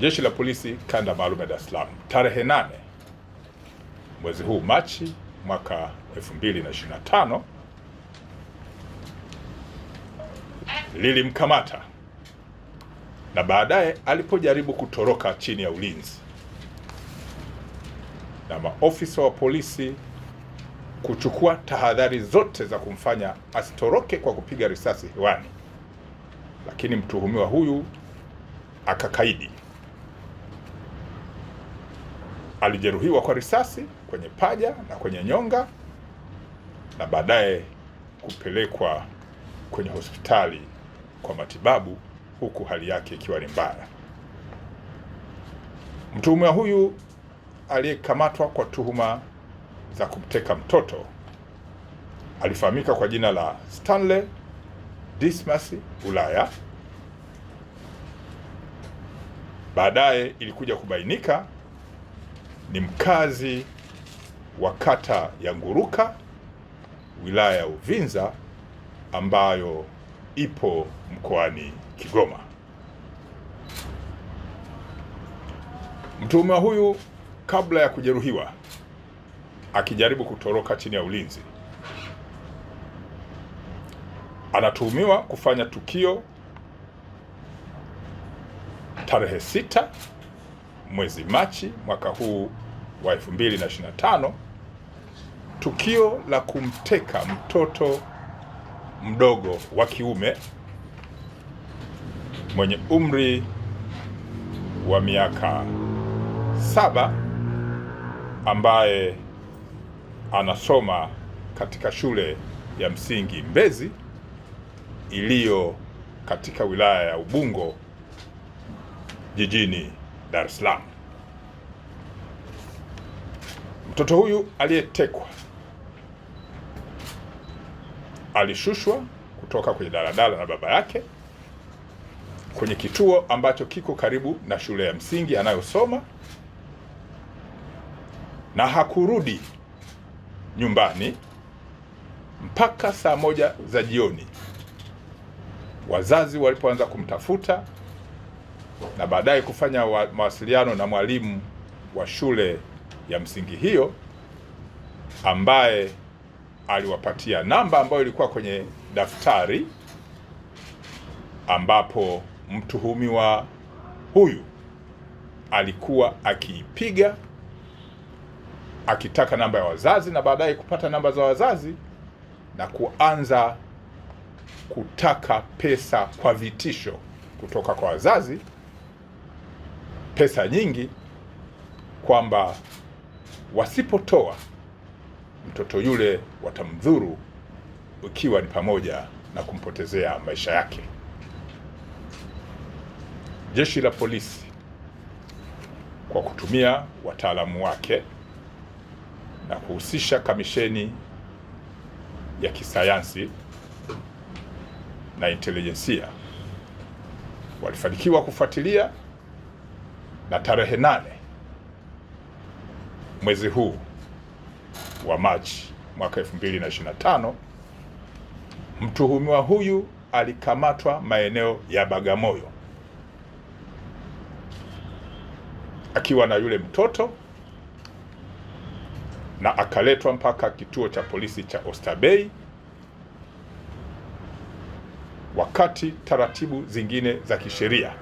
Jeshi la Polisi Kanda Maalum ya Dar es Salaam tarehe 8 mwezi huu Machi mwaka 2025 lilimkamata na baadaye alipojaribu kutoroka chini ya ulinzi na maofisa wa polisi kuchukua tahadhari zote za kumfanya asitoroke kwa kupiga risasi hewani, lakini mtuhumiwa huyu akakaidi. alijeruhiwa kwa risasi kwenye paja na kwenye nyonga na baadaye kupelekwa kwenye hospitali kwa matibabu huku hali yake ikiwa ni mbaya. Mtuhumiwa huyu aliyekamatwa kwa tuhuma za kumteka mtoto alifahamika kwa jina la Stanley Dismas Ulaya. Baadaye ilikuja kubainika ni mkazi wa kata ya Nguruka wilaya ya Uvinza ambayo ipo mkoani Kigoma. Mtuhumiwa huyu kabla ya kujeruhiwa akijaribu kutoroka chini ya ulinzi, anatuhumiwa kufanya tukio tarehe sita mwezi Machi mwaka huu wa 2025 tukio la kumteka mtoto mdogo wa kiume mwenye umri wa miaka saba ambaye anasoma katika shule ya msingi Mbezi iliyo katika wilaya ya Ubungo jijini Dar es Salaam. Mtoto huyu aliyetekwa alishushwa kutoka kwenye daladala na baba yake kwenye kituo ambacho kiko karibu na shule ya msingi anayosoma na hakurudi nyumbani mpaka saa moja za jioni, wazazi walipoanza kumtafuta na baadaye kufanya mawasiliano na mwalimu wa shule ya msingi hiyo ambaye aliwapatia namba ambayo ilikuwa kwenye daftari ambapo mtuhumiwa huyu alikuwa akiipiga akitaka namba ya wazazi na baadaye kupata namba za wazazi na kuanza kutaka pesa kwa vitisho kutoka kwa wazazi pesa nyingi kwamba wasipotoa mtoto yule watamdhuru, ikiwa ni pamoja na kumpotezea maisha yake. Jeshi la Polisi kwa kutumia wataalamu wake na kuhusisha kamisheni ya kisayansi na intelijensia walifanikiwa kufuatilia na tarehe nane mwezi huu wa Machi mwaka 2025 mtuhumiwa huyu alikamatwa maeneo ya Bagamoyo akiwa na yule mtoto na akaletwa mpaka kituo cha polisi cha Oysterbay, wakati taratibu zingine za kisheria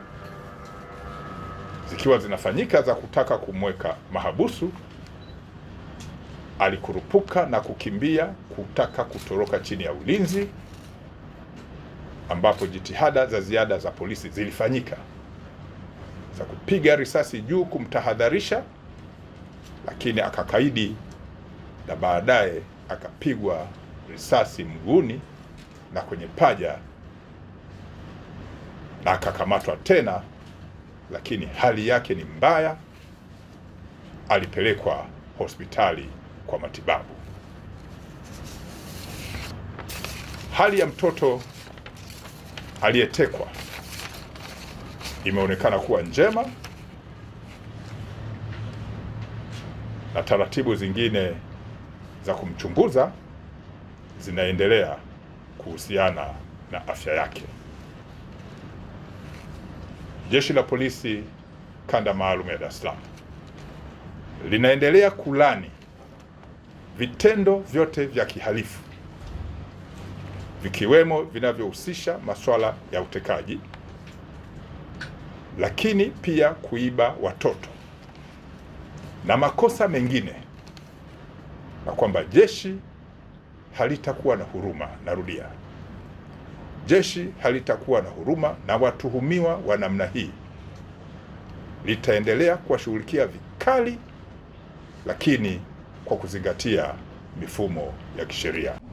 zikiwa zinafanyika za kutaka kumweka mahabusu, alikurupuka na kukimbia kutaka kutoroka chini ya ulinzi, ambapo jitihada za ziada za polisi zilifanyika za kupiga risasi juu kumtahadharisha, lakini akakaidi na baadaye akapigwa risasi mguuni na kwenye paja na akakamatwa tena lakini hali yake ni mbaya, alipelekwa hospitali kwa matibabu. Hali ya mtoto aliyetekwa imeonekana kuwa njema na taratibu zingine za kumchunguza zinaendelea kuhusiana na afya yake. Jeshi la Polisi kanda maalum ya Dar es Salaam linaendelea kulani vitendo vyote vya kihalifu vikiwemo vinavyohusisha masuala ya utekaji, lakini pia kuiba watoto na makosa mengine, na kwamba jeshi halitakuwa na huruma. Narudia. Jeshi halitakuwa na huruma na watuhumiwa wa namna hii, litaendelea kuwashughulikia vikali, lakini kwa kuzingatia mifumo ya kisheria.